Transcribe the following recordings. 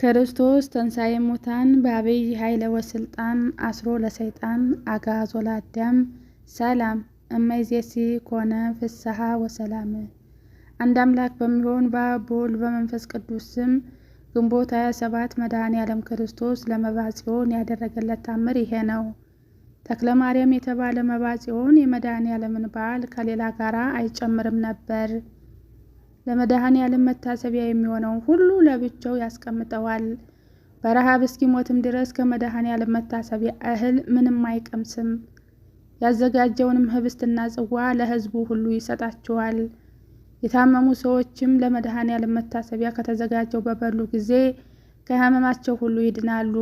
ክርስቶስ ተንሣኤ ሙታን በአብይ ኃይለ ወስልጣን አስሮ ለሰይጣን አጋዞ ለአዳም ሰላም እመይዜሲ ኮነ ፍስሐ ወሰላም። አንድ አምላክ በሚሆን በአብ በወልድ በመንፈስ ቅዱስ ስም ግንቦት 27 መድኃኔ ዓለም ክርስቶስ ለመብዓ ጽዮን ያደረገለት ታምር ይሄ ነው። ተክለ ማርያም የተባለ መብዓ ጽዮን የመድኃኔ ዓለምን በዓል ከሌላ ጋራ አይጨምርም ነበር። ለመድኃኔዓለም መታሰቢያ የሚሆነውን ሁሉ ለብቻው ያስቀምጠዋል። በረሃብ እስኪሞትም ድረስ ከመድኃኔዓለም መታሰቢያ እህል ምንም አይቀምስም። ያዘጋጀውንም ህብስትና ጽዋ ለህዝቡ ሁሉ ይሰጣቸዋል። የታመሙ ሰዎችም ለመድኃኔዓለም መታሰቢያ ከተዘጋጀው በበሉ ጊዜ ከህመማቸው ሁሉ ይድናሉ።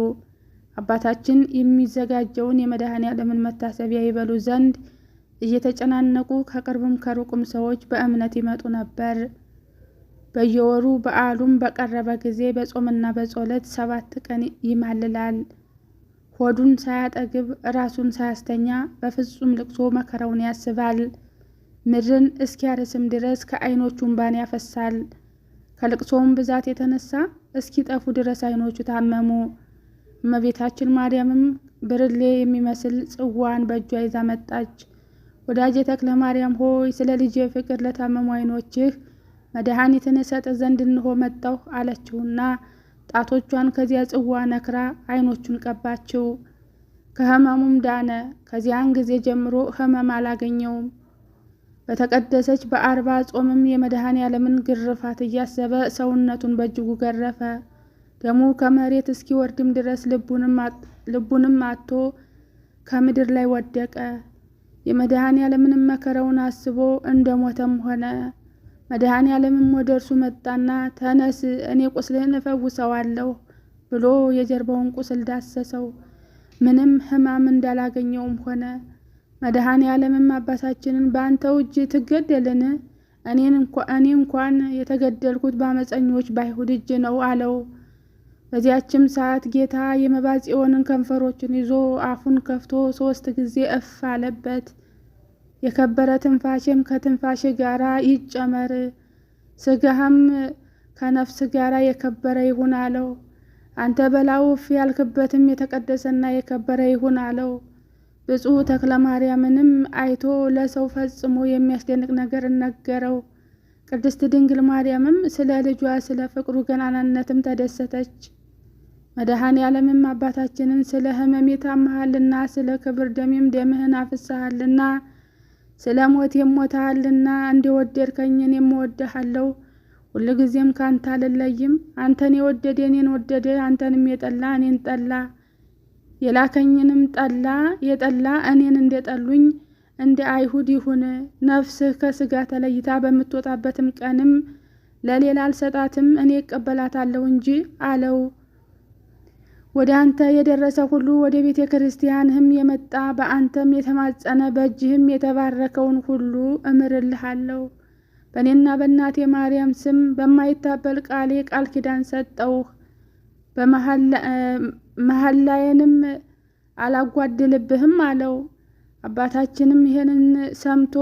አባታችን የሚዘጋጀውን የመድኃኔዓለምን መታሰቢያ ይበሉ ዘንድ እየተጨናነቁ ከቅርብም ከሩቁም ሰዎች በእምነት ይመጡ ነበር። በየወሩ በዓሉም በቀረበ ጊዜ በጾምና በጸሎት ሰባት ቀን ይማልላል። ሆዱን ሳያጠግብ ራሱን ሳያስተኛ በፍጹም ልቅሶ መከራውን ያስባል። ምድርን እስኪያርስም ድረስ ከዓይኖቹ እንባን ያፈሳል። ከልቅሶውም ብዛት የተነሳ እስኪጠፉ ድረስ ዓይኖቹ ታመሙ። እመቤታችን ማርያምም ብርሌ የሚመስል ጽዋን በእጇ ይዛ መጣች። ወዳጄ ተክለ ማርያም ሆይ ስለ ልጄ ፍቅር ለታመሙ ዓይኖችህ መድኃኒትን እሰጥ ዘንድ እንሆ መጣሁ አለችውና ጣቶቿን ከዚያ ጽዋ ነክራ አይኖቹን ቀባችው። ከህመሙም ዳነ። ከዚያን ጊዜ ጀምሮ ህመም አላገኘውም። በተቀደሰች በአርባ ጾምም የመድሃን ያለምን ግርፋት እያሰበ ሰውነቱን በእጅጉ ገረፈ። ደሙ ከመሬት እስኪወርድም ድረስ ልቡንም አጥቶ ከምድር ላይ ወደቀ። የመድሃን ዓለምንም መከረውን አስቦ እንደ ሞተም ሆነ። መድኃኔ ዓለምም ወደ እርሱ መጣና ተነስ፣ እኔ ቁስልህን እፈውሰዋለሁ ብሎ የጀርባውን ቁስል ዳሰሰው። ምንም ሕማም እንዳላገኘውም ሆነ። መድኃኔ ዓለምም አባታችንን በአንተው እጅ ትገደልን? እኔ እንኳን የተገደልኩት በአመፀኞች በአይሁድ እጅ ነው አለው። በዚያችም ሰዓት ጌታ የመባጽዮንን ከንፈሮችን ይዞ አፉን ከፍቶ ሶስት ጊዜ እፍ አለበት። የከበረ ትንፋሽም ከትንፋሽ ጋር ይጨመር፣ ስጋህም ከነፍስ ጋር የከበረ ይሁን አለው። አንተ በላው እፍ ያልክበትም የተቀደሰና የከበረ ይሁን አለው። ብፁዕ ተክለ ማርያምንም አይቶ ለሰው ፈጽሞ የሚያስደንቅ ነገር ነገረው። ቅድስት ድንግል ማርያምም ስለ ልጇ ስለ ፍቅሩ ገናናነትም ተደሰተች። መድኃኔ ዓለምም አባታችንን ስለ ሕመሜ ታመሃልና ስለ ክብር ደሜም ደምህን አፍስሃልና ስለ ሞት የሞታልና እንደወደድከኝ እኔም እወድሃለሁ። ሁልጊዜም ካንተ አልለይም። አንተን የወደደ እኔን ወደደ፣ አንተንም የጠላ እኔን ጠላ። የላከኝንም ጠላ የጠላ እኔን እንደጠሉኝ እንደ አይሁድ ይሁን። ነፍስህ ከስጋ ተለይታ በምትወጣበትም ቀንም ለሌላ አልሰጣትም፣ እኔ እቀበላታለሁ እንጂ አለው። ወደ አንተ የደረሰ ሁሉ ወደ ቤተ ክርስቲያንህም የመጣ በአንተም የተማጸነ በእጅህም የተባረከውን ሁሉ እምርልሃለሁ። በእኔና በእናቴ ማርያም ስም በማይታበል ቃሌ ቃል ኪዳን ሰጠውህ። መሐላዬንም አላጓድልብህም አለው። አባታችንም ይሄንን ሰምቶ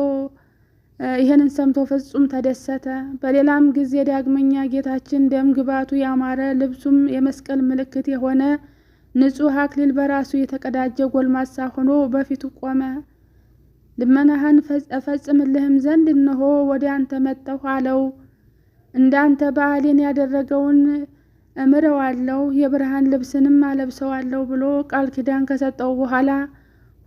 ይህንን ሰምቶ ፍጹም ተደሰተ። በሌላም ጊዜ ዳግመኛ ጌታችን ደም ግባቱ ያማረ ልብሱም የመስቀል ምልክት የሆነ ንጹሕ አክሊል በራሱ የተቀዳጀ ጎልማሳ ሆኖ በፊቱ ቆመ። ልመናህን እፈጽምልህም ዘንድ እነሆ ወደ አንተ መጠሁ አለው። እንዳንተ በዓሌን ያደረገውን እምረዋለሁ፣ የብርሃን ልብስንም አለብሰዋለሁ ብሎ ቃል ኪዳን ከሰጠው በኋላ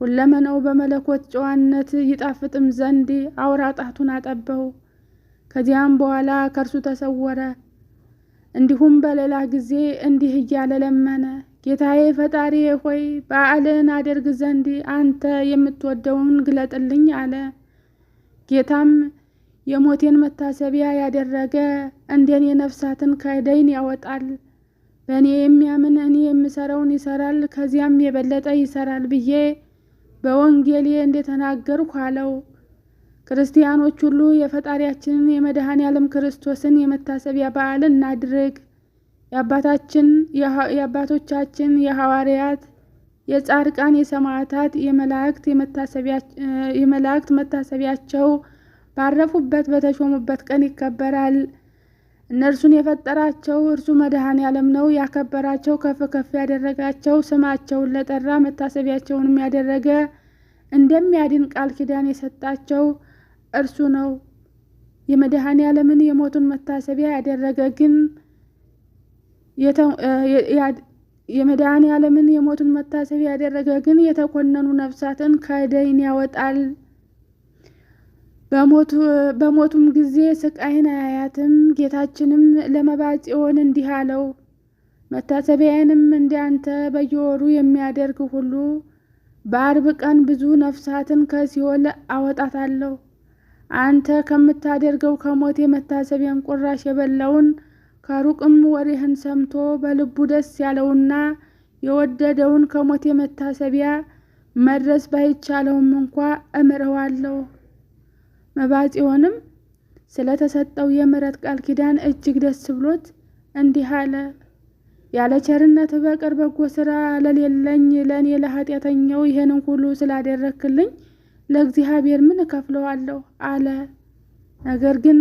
ሁለመናው በመለኮት ጨዋነት ይጣፍጥም ዘንድ አውራ ጣቱን አጠበው። ከዚያም በኋላ ከእርሱ ተሰወረ። እንዲሁም በሌላ ጊዜ እንዲህ እያለ ለመነ። ጌታዬ ፈጣሪ ሆይ በዓልን አደርግ ዘንድ አንተ የምትወደውን ግለጥልኝ አለ። ጌታም የሞቴን መታሰቢያ ያደረገ እንደኔ የነፍሳትን ከደይን ያወጣል፣ በእኔ የሚያምን እኔ የምሰራውን ይሰራል፣ ከዚያም የበለጠ ይሰራል ብዬ በወንጌሌ እንደተናገርኩ አለው። ክርስቲያኖች ሁሉ የፈጣሪያችንን የመድኃኔ ዓለም ክርስቶስን የመታሰቢያ በዓል እናድርግ። የአባታችን የአባቶቻችን የሐዋርያት የጻድቃን የሰማዕታት የመላእክት መታሰቢያቸው ባረፉበት በተሾሙበት ቀን ይከበራል። እነርሱን የፈጠራቸው እርሱ መድኃኔ ዓለም ነው። ያከበራቸው ከፍ ከፍ ያደረጋቸው ስማቸውን ለጠራ መታሰቢያቸውንም ያደረገ እንደሚያድን ቃል ኪዳን የሰጣቸው እርሱ ነው። የመድኃኔ ዓለምን የሞቱን መታሰቢያ ያደረገ ግን የመድኃኔ ዓለምን የሞቱን መታሰቢያ ያደረገ ግን የተኮነኑ ነፍሳትን ከደይን ያወጣል። በሞቱም ጊዜ ስቃይን አያያትም። ጌታችንም ለመባፂዮን እንዲህ አለው፣ መታሰቢያንም እንዲያንተ በየወሩ የሚያደርግ ሁሉ በአርብ ቀን ብዙ ነፍሳትን ከሲኦል አወጣታለሁ። አንተ ከምታደርገው ከሞቴ መታሰቢያን ቁራሽ የበላውን ከሩቅም ወሬህን ሰምቶ በልቡ ደስ ያለውና የወደደውን ከሞቴ መታሰቢያ መድረስ ባይቻለውም እንኳ እምረዋለሁ። መባፂዎንም ስለተሰጠው የምሕረት ቃል ኪዳን እጅግ ደስ ብሎት እንዲህ አለ። ያለ ቸርነት በቀር በጎ ስራ ለሌለኝ ለእኔ ለኃጢአተኛው ይሄንን ሁሉ ስላደረክልኝ ለእግዚአብሔር ምን እከፍለዋለሁ አለ። ነገር ግን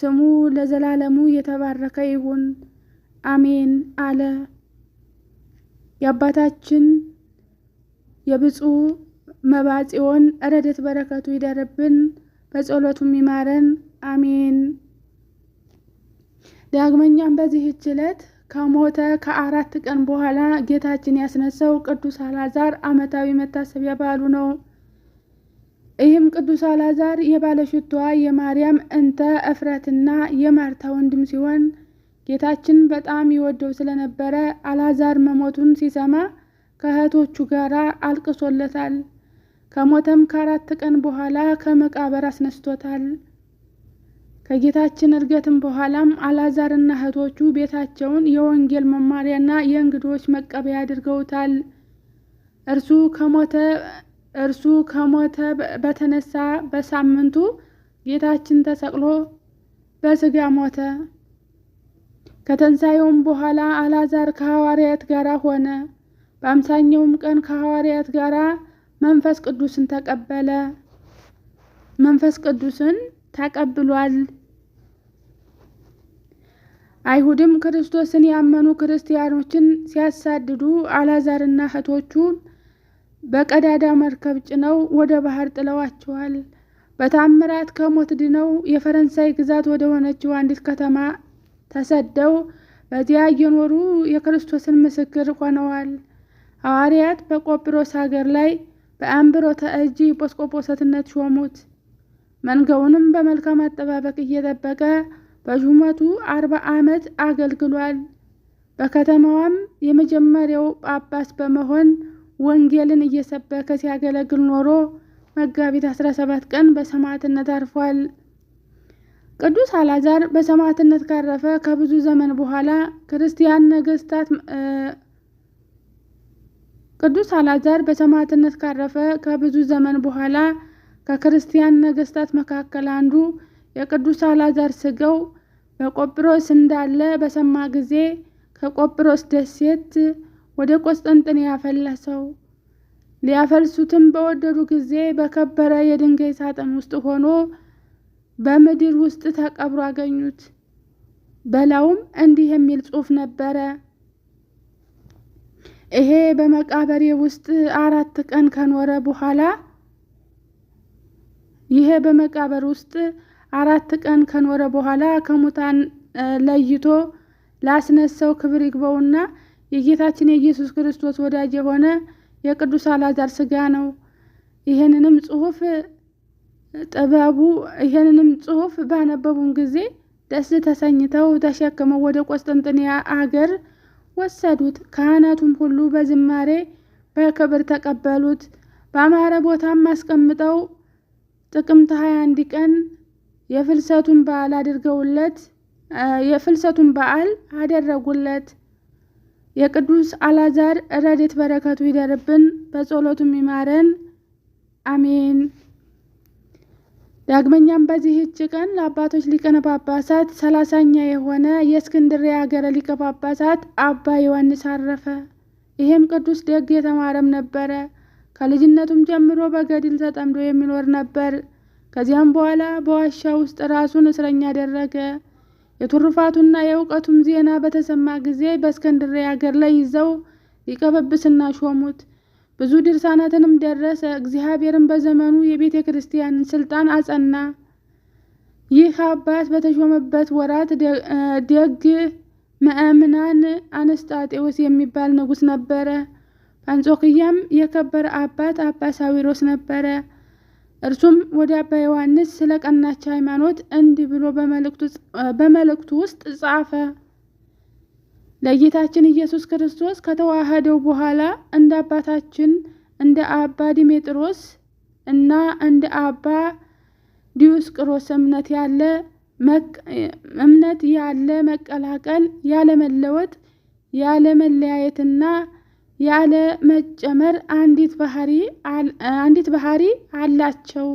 ስሙ ለዘላለሙ የተባረከ ይሁን አሜን አለ። የአባታችን የብፁዕ መባጽዮን ረድኤት በረከቱ ይደርብን። በጸሎቱም ይማረን አሜን። ዳግመኛም በዚህች ዕለት ከሞተ ከአራት ቀን በኋላ ጌታችን ያስነሳው ቅዱስ አላዛር ዓመታዊ መታሰቢያ በዓሉ ነው። ይህም ቅዱስ አላዛር የባለሽቷ የማርያም እንተ እፍረትና የማርታ ወንድም ሲሆን ጌታችን በጣም ይወደው ስለነበረ አላዛር መሞቱን ሲሰማ ከእህቶቹ ጋር አልቅሶለታል። ከሞተም ከአራት ቀን በኋላ ከመቃበር አስነስቶታል። ከጌታችን እርገትም በኋላም አላዛርና እህቶቹ ቤታቸውን የወንጌል መማሪያና የእንግዶች መቀበያ አድርገውታል። እርሱ ከሞተ እርሱ ከሞተ በተነሳ በሳምንቱ ጌታችን ተሰቅሎ በስጋ ሞተ። ከተንሳየውም በኋላ አላዛር ከሐዋርያት ጋር ሆነ። በአምሳኛውም ቀን ከሐዋርያት ጋር መንፈስ ቅዱስን ተቀበለ። መንፈስ ቅዱስን ተቀብሏል። አይሁድም ክርስቶስን ያመኑ ክርስቲያኖችን ሲያሳድዱ አላዛርና እህቶቹን በቀዳዳ መርከብ ጭነው ወደ ባህር ጥለዋቸዋል። በታምራት ከሞት ድነው የፈረንሳይ ግዛት ወደ ሆነችው አንዲት ከተማ ተሰደው በዚያ እየኖሩ የክርስቶስን ምስክር ሆነዋል። ሐዋርያት በቆጵሮስ ሀገር ላይ በአንብሮተ እጅ ጲስቆጶስነት ሾሙት። መንጋውንም በመልካም አጠባበቅ እየጠበቀ በሹመቱ አርባ ዓመት አገልግሏል። በከተማዋም የመጀመሪያው ጳጳስ በመሆን ወንጌልን እየሰበከ ሲያገለግል ኖሮ መጋቢት 17 ቀን በሰማዕትነት አርፏል። ቅዱስ አላዛር በሰማዕትነት ካረፈ ከብዙ ዘመን በኋላ ክርስቲያን ነገስታት ቅዱስ አላዛር በሰማዕትነት ካረፈ ከብዙ ዘመን በኋላ ከክርስቲያን ነገስታት መካከል አንዱ የቅዱስ አላዛር ስጋው በቆጵሮስ እንዳለ በሰማ ጊዜ ከቆጵሮስ ደሴት ወደ ቆስጠንጥንያ ያፈለሰው። ሊያፈልሱትም በወደዱ ጊዜ በከበረ የድንጋይ ሳጥን ውስጥ ሆኖ በምድር ውስጥ ተቀብሮ አገኙት። በላዩም እንዲህ የሚል ጽሑፍ ነበረ። ይሄ በመቃብሬ ውስጥ አራት ቀን ከኖረ በኋላ ይሄ በመቃብር ውስጥ አራት ቀን ከኖረ በኋላ ከሙታን ለይቶ ላስነሳው ክብር ይግባውና የጌታችን የኢየሱስ ክርስቶስ ወዳጅ የሆነ የቅዱስ አላዛር ስጋ ነው። ይህንንም ጽሑፍ ጥበቡ ይህንንም ጽሑፍ ባነበቡም ጊዜ ደስ ተሰኝተው ተሸክመው ወደ ቆስጠንጥንያ አገር ወሰዱት። ካህናቱም ሁሉ በዝማሬ በክብር ተቀበሉት። በአማረ ቦታም አስቀምጠው ጥቅምት 21 ቀን የፍልሰቱን በዓል አድርገውለት የፍልሰቱን በዓል አደረጉለት። የቅዱስ አላዛር ረድኤት በረከቱ ይደርብን፣ በጸሎቱም ይማረን፣ አሜን። ዳግመኛም በዚህች ቀን ለአባቶች ሊቀነ ጳጳሳት ሰላሳኛ የሆነ የእስክንድርያ ሀገረ ሊቀ ጳጳሳት አባ ዮሐንስ አረፈ። ይህም ቅዱስ ደግ የተማረም ነበረ። ከልጅነቱም ጀምሮ በገድል ተጠምዶ የሚኖር ነበር። ከዚያም በኋላ በዋሻ ውስጥ ራሱን እስረኛ አደረገ። የቱርፋቱና የእውቀቱም ዜና በተሰማ ጊዜ በእስክንድርያ ሀገር ላይ ይዘው ሊቀ ጵጵስና ሾሙት። ብዙ ድርሳናትንም ደረሰ። እግዚአብሔርም በዘመኑ የቤተ ክርስቲያንን ስልጣን አጸና። ይህ አባት በተሾመበት ወራት ደግ ምእምናን አነስጣጤዎስ የሚባል ንጉሥ ነበረ። ጳንጾክያም የከበረ አባት አባ ሳዊሮስ ነበረ። እርሱም ወደ አባ ዮሐንስ ስለ ቀናች ሃይማኖት እንዲህ ብሎ በመልእክቱ ውስጥ ጻፈ። ለጌታችን ኢየሱስ ክርስቶስ ከተዋሃደው በኋላ እንደ አባታችን እንደ አባ ዲሜጥሮስ እና እንደ አባ ዲዮስቅሮስ እምነት ያለ እምነት ያለ መቀላቀል ያለ መለወጥ ያለ መለያየትና ያለ መጨመር አንዲት ባህሪ አንዲት ባህሪ አላቸው።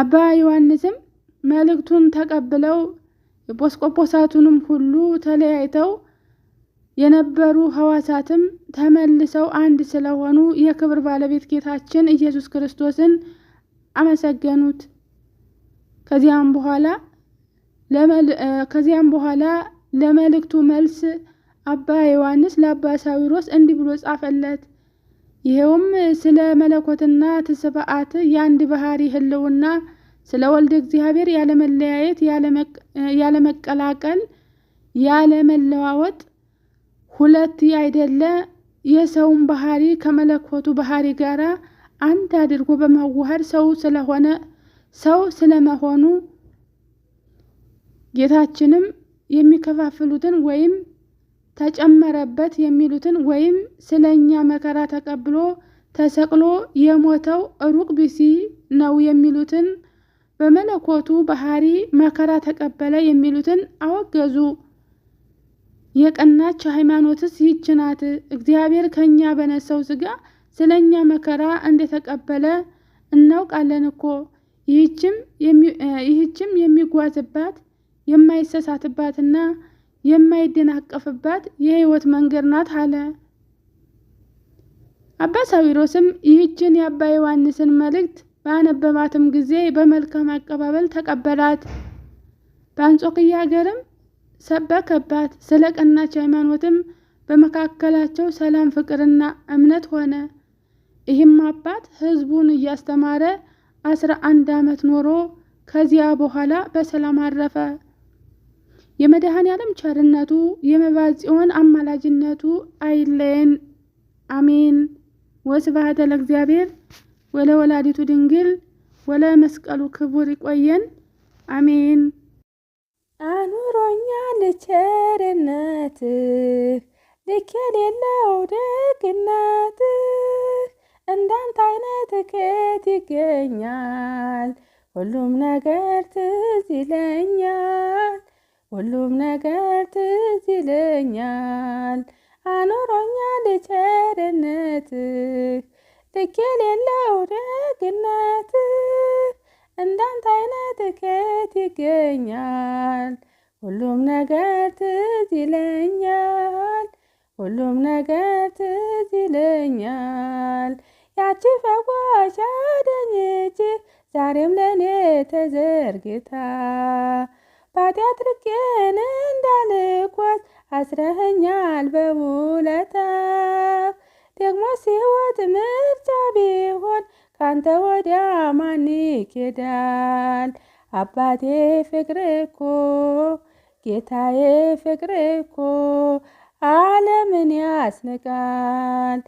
አባ ዮሐንስም መልእክቱን ተቀብለው የጲስቆጶሳቱንም ሁሉ ተለያይተው የነበሩ ሐዋሳትም ተመልሰው አንድ ስለሆኑ የክብር ባለቤት ጌታችን ኢየሱስ ክርስቶስን አመሰገኑት። ከዚያም በኋላ ከዚያም በኋላ ለመልእክቱ መልስ አባ ዮሐንስ ለአባ ሳዊሮስ እንዲህ ብሎ ጻፈለት። ይኸውም ስለ መለኮትና ትስብአት የአንድ ባህሪ ህልውና ስለ ወልደ እግዚአብሔር ያለመለያየት፣ ያለመቀላቀል፣ ያለመለዋወጥ ሁለት አይደለ የሰውን ባህሪ ከመለኮቱ ባህሪ ጋር አንድ አድርጎ በማዋሃድ ሰው ስለሆነ ሰው ስለመሆኑ ጌታችንም የሚከፋፍሉትን ወይም ተጨመረበት የሚሉትን ወይም ስለ እኛ መከራ ተቀብሎ ተሰቅሎ የሞተው ሩቅ ቢሲ ነው የሚሉትን በመለኮቱ ባህሪ መከራ ተቀበለ የሚሉትን አወገዙ። የቀናች ሃይማኖትስ ይህች ናት። እግዚአብሔር ከእኛ በነሰው ስጋ ስለ እኛ መከራ እንደተቀበለ እናውቃለን እኮ። ይህችም የሚጓዝባት የማይሰሳትባትና የማይደናቀፍባት የህይወት መንገድ ናት አለ። አባ ሳዊሮስም ይህችን የአባ ዮሐንስን መልእክት ባነበባትም ጊዜ በመልካም አቀባበል ተቀበላት። በአንጾኪያ ሀገርም ሰበከባት። ስለ ቀናች ሃይማኖትም በመካከላቸው ሰላም፣ ፍቅርና እምነት ሆነ። ይህም አባት ህዝቡን እያስተማረ አስራ አንድ ዓመት ኖሮ ከዚያ በኋላ በሰላም አረፈ። የመድኃኔዓለም ቸርነቱ የመባጽዮን አማላጅነቱ አይለየን፣ አሜን። ወስብሐት ለእግዚአብሔር ወለ ወላዲቱ ድንግል ወለ መስቀሉ ክቡር ይቆየን። አሜን። አኑሮኛል ቸርነትህ ልክ የሌለው ደግነትህ እንዳንተ አይነት ከየት ይገኛል? ሁሉም ነገር ትዝ ይለኛል፣ ሁሉም ነገር ትዝ ይለኛል። አኑሮኛል ቸርነትህ ልክ የሌለው ደግነት እንዳንተ አይነት ከየት ይገኛል? ሁሉም ነገር ትዝ ይለኛል፣ ሁሉም ነገር ትዝ ይለኛል። ያቺ ፈዋሽ አዳኝ ዛሬም ለእኔ ተዘርግታ ባጢአት ርቄን እንዳልጓዝ አስረኸኛል በውለታ ደግሞ ሲወት ምርጫ ቢሆን ካንተ ወዲያ ማን ይኬዳል? አባቴ ፍቅር እኮ ጌታዬ ፍቅር እኮ ዓለምን ያስንቃል።